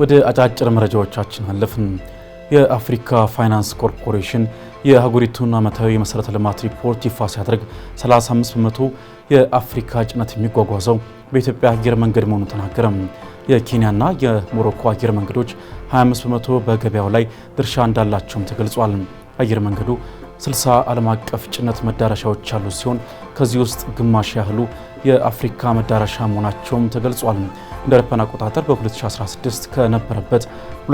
ወደ አጫጭር መረጃዎቻችን አለፍን። የአፍሪካ ፋይናንስ ኮርፖሬሽን የሀገሪቱን ዓመታዊ የመሠረተ ልማት ሪፖርት ይፋ ሲያደርግ 35 በመቶ የአፍሪካ ጭነት የሚጓጓዘው በኢትዮጵያ አየር መንገድ መሆኑን ተናገረም። የኬንያና የሞሮኮ አየር መንገዶች 25 በመቶ በገበያው ላይ ድርሻ እንዳላቸውም ተገልጿል። አየር መንገዱ 60 ዓለም አቀፍ ጭነት መዳረሻዎች ያሉ ሲሆን ከዚህ ውስጥ ግማሽ ያህሉ የአፍሪካ መዳረሻ መሆናቸውም ተገልጿል። እንደ አውሮፓውያን አቆጣጠር በ2016 ከነበረበት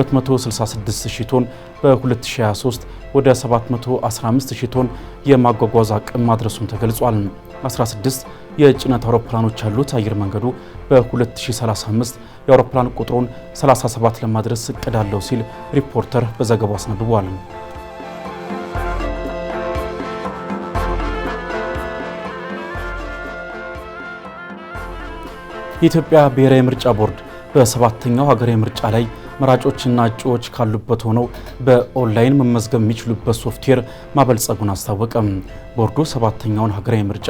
266 ቶን በ2023 ወደ 715000 ቶን የማጓጓዝ አቅም ማድረሱም ተገልጿል። 16 የጭነት አውሮፕላኖች ያሉት አየር መንገዱ በ2035 የአውሮፕላን ቁጥሩን 37 ለማድረስ እቅድ አለው ሲል ሪፖርተር በዘገባው አስነብቧል። የኢትዮጵያ ብሔራዊ ምርጫ ቦርድ በሰባተኛው ሀገራዊ ምርጫ ላይ መራጮችና እጩዎች ካሉበት ሆነው በኦንላይን መመዝገብ የሚችሉበት ሶፍትዌር ማበልጸጉን አስታወቀም። ቦርዱ ሰባተኛውን ሀገራዊ ምርጫ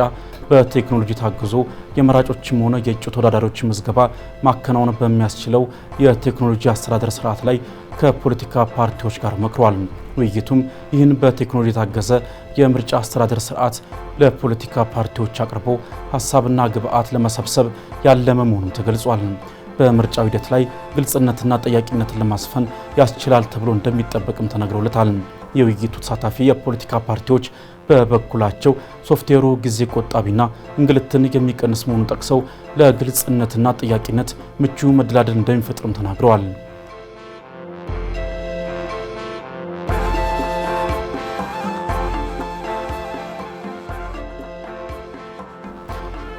በቴክኖሎጂ ታግዞ የመራጮችም ሆነ የእጩ ተወዳዳሪዎች ምዝገባ ማከናወን በሚያስችለው የቴክኖሎጂ አስተዳደር ስርዓት ላይ ከፖለቲካ ፓርቲዎች ጋር መክሯል። ውይይቱም ይህን በቴክኖሎጂ የታገዘ የምርጫ አስተዳደር ስርዓት ለፖለቲካ ፓርቲዎች አቅርቦ ሀሳብና ግብዓት ለመሰብሰብ ያለመ መሆኑን ተገልጿል። በምርጫው ሂደት ላይ ግልጽነትና ጠያቂነትን ለማስፈን ያስችላል ተብሎ እንደሚጠበቅም ተነግሮለታል። የውይይቱ ተሳታፊ የፖለቲካ ፓርቲዎች በበኩላቸው ሶፍትዌሩ ጊዜ ቆጣቢና እንግልትን የሚቀንስ መሆኑን ጠቅሰው ለግልጽነትና ጠያቂነት ምቹ መደላደል እንደሚፈጥርም ተናግረዋል።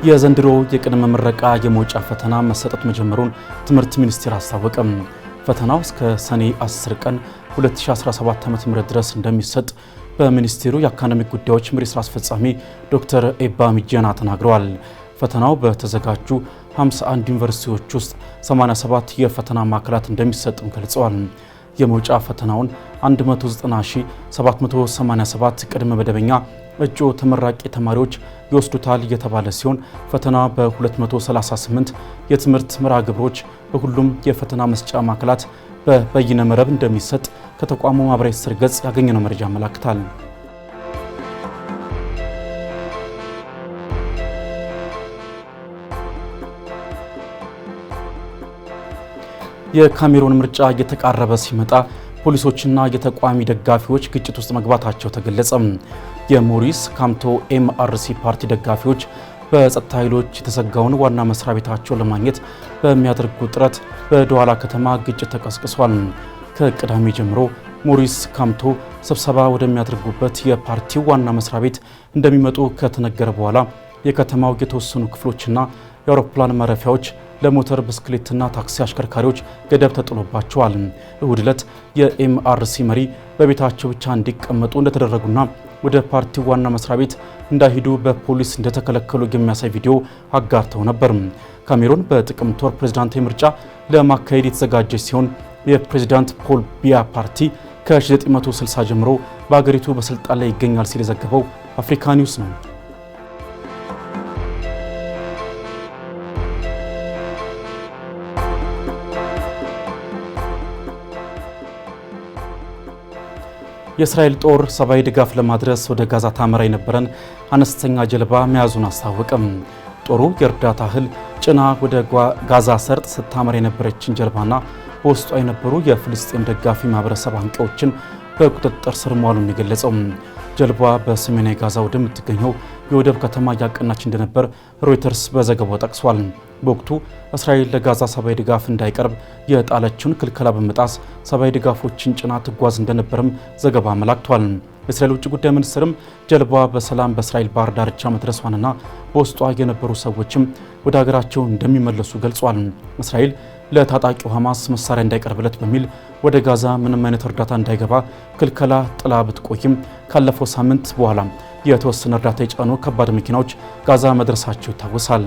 የዘንድሮ የቅድመ ምረቃ የመውጫ ፈተና መሰጠት መጀመሩን ትምህርት ሚኒስቴር አስታወቀም። ፈተናው እስከ ሰኔ 10 ቀን 2017 ዓ.ም ድረስ እንደሚሰጥ በሚኒስቴሩ የአካዳሚክ ጉዳዮች መሪ ስራ አስፈጻሚ ዶክተር ኤባ ሚጀና ተናግረዋል። ፈተናው በተዘጋጁ 51 ዩኒቨርሲቲዎች ውስጥ 87 የፈተና ማዕከላት እንደሚሰጥም ገልጸዋል። የመውጫ ፈተናውን 190787 ቅድመ መደበኛ እጩ ተመራቂ ተማሪዎች ይወስዱታል እየተባለ ሲሆን ፈተና በ238 የትምህርት መርሃ ግብሮች በሁሉም የፈተና መስጫ ማዕከላት በበይነ መረብ እንደሚሰጥ ከተቋሙ ማህበራዊ ትስስር ገጽ ያገኘነው መረጃ ያመላክታል። የካሜሩን ምርጫ እየተቃረበ ሲመጣ ፖሊሶችና የተቋሚ ደጋፊዎች ግጭት ውስጥ መግባታቸው ተገለጸ። የሞሪስ ካምቶ ኤምአርሲ ፓርቲ ደጋፊዎች በጸጥታ ኃይሎች የተዘጋውን ዋና መስሪያ ቤታቸው ለማግኘት በሚያደርጉ ጥረት በደዋላ ከተማ ግጭት ተቀስቅሷል። ከቅዳሜ ጀምሮ ሞሪስ ካምቶ ስብሰባ ወደሚያደርጉበት የፓርቲው ዋና መስሪያ ቤት እንደሚመጡ ከተነገረ በኋላ የከተማው የተወሰኑ ክፍሎችና የአውሮፕላን ማረፊያዎች ለሞተር ብስክሌትና ታክሲ አሽከርካሪዎች ገደብ ተጥሎባቸዋል። እሁድ ዕለት የኤምአርሲ መሪ በቤታቸው ብቻ እንዲቀመጡ እንደተደረጉና ወደ ፓርቲው ዋና መስሪያ ቤት እንዳይሄዱ በፖሊስ እንደተከለከሉ የሚያሳይ ቪዲዮ አጋርተው ነበር። ካሜሮን በጥቅምት ወር ፕሬዝዳንታዊ ምርጫ ለማካሄድ የተዘጋጀች ሲሆን የፕሬዝዳንት ፖል ቢያ ፓርቲ ከ1960 ጀምሮ በአገሪቱ በስልጣን ላይ ይገኛል ሲል የዘገበው አፍሪካ ኒውስ ነው። የእስራኤል ጦር ሰብአዊ ድጋፍ ለማድረስ ወደ ጋዛ ታመራ የነበረን አነስተኛ ጀልባ መያዙን አስታወቀም። ጦሩ የእርዳታ እህል ጭና ወደ ጋዛ ሰርጥ ስታመራ የነበረችን ጀልባና በውስጧ የነበሩ የፍልስጤም ደጋፊ ማህበረሰብ አንቂዎችን በቁጥጥር ስር መዋሉን የገለጸው ጀልባ በሰሜናዊ ጋዛ ወደምትገኘው የወደብ ከተማ እያቀናች እንደነበር ሮይተርስ በዘገባው ጠቅሷል። በወቅቱ እስራኤል ለጋዛ ሰብአዊ ድጋፍ እንዳይቀርብ የጣለችውን ክልከላ በመጣስ ሰብአዊ ድጋፎችን ጭና ትጓዝ እንደነበርም ዘገባ አመላክቷል። የእስራኤል ውጭ ጉዳይ ሚኒስትርም ጀልባ በሰላም በእስራኤል ባህር ዳርቻ መድረሷንና በውስጧ የነበሩ ሰዎችም ወደ ሀገራቸው እንደሚመለሱ ገልጿል። እስራኤል ለታጣቂው ሐማስ መሳሪያ እንዳይቀርብለት በሚል ወደ ጋዛ ምንም አይነት እርዳታ እንዳይገባ ክልከላ ጥላ ብትቆይም ካለፈው ሳምንት በኋላ የተወሰነ እርዳታ የጫኑ ከባድ መኪናዎች ጋዛ መድረሳቸው ይታወሳል።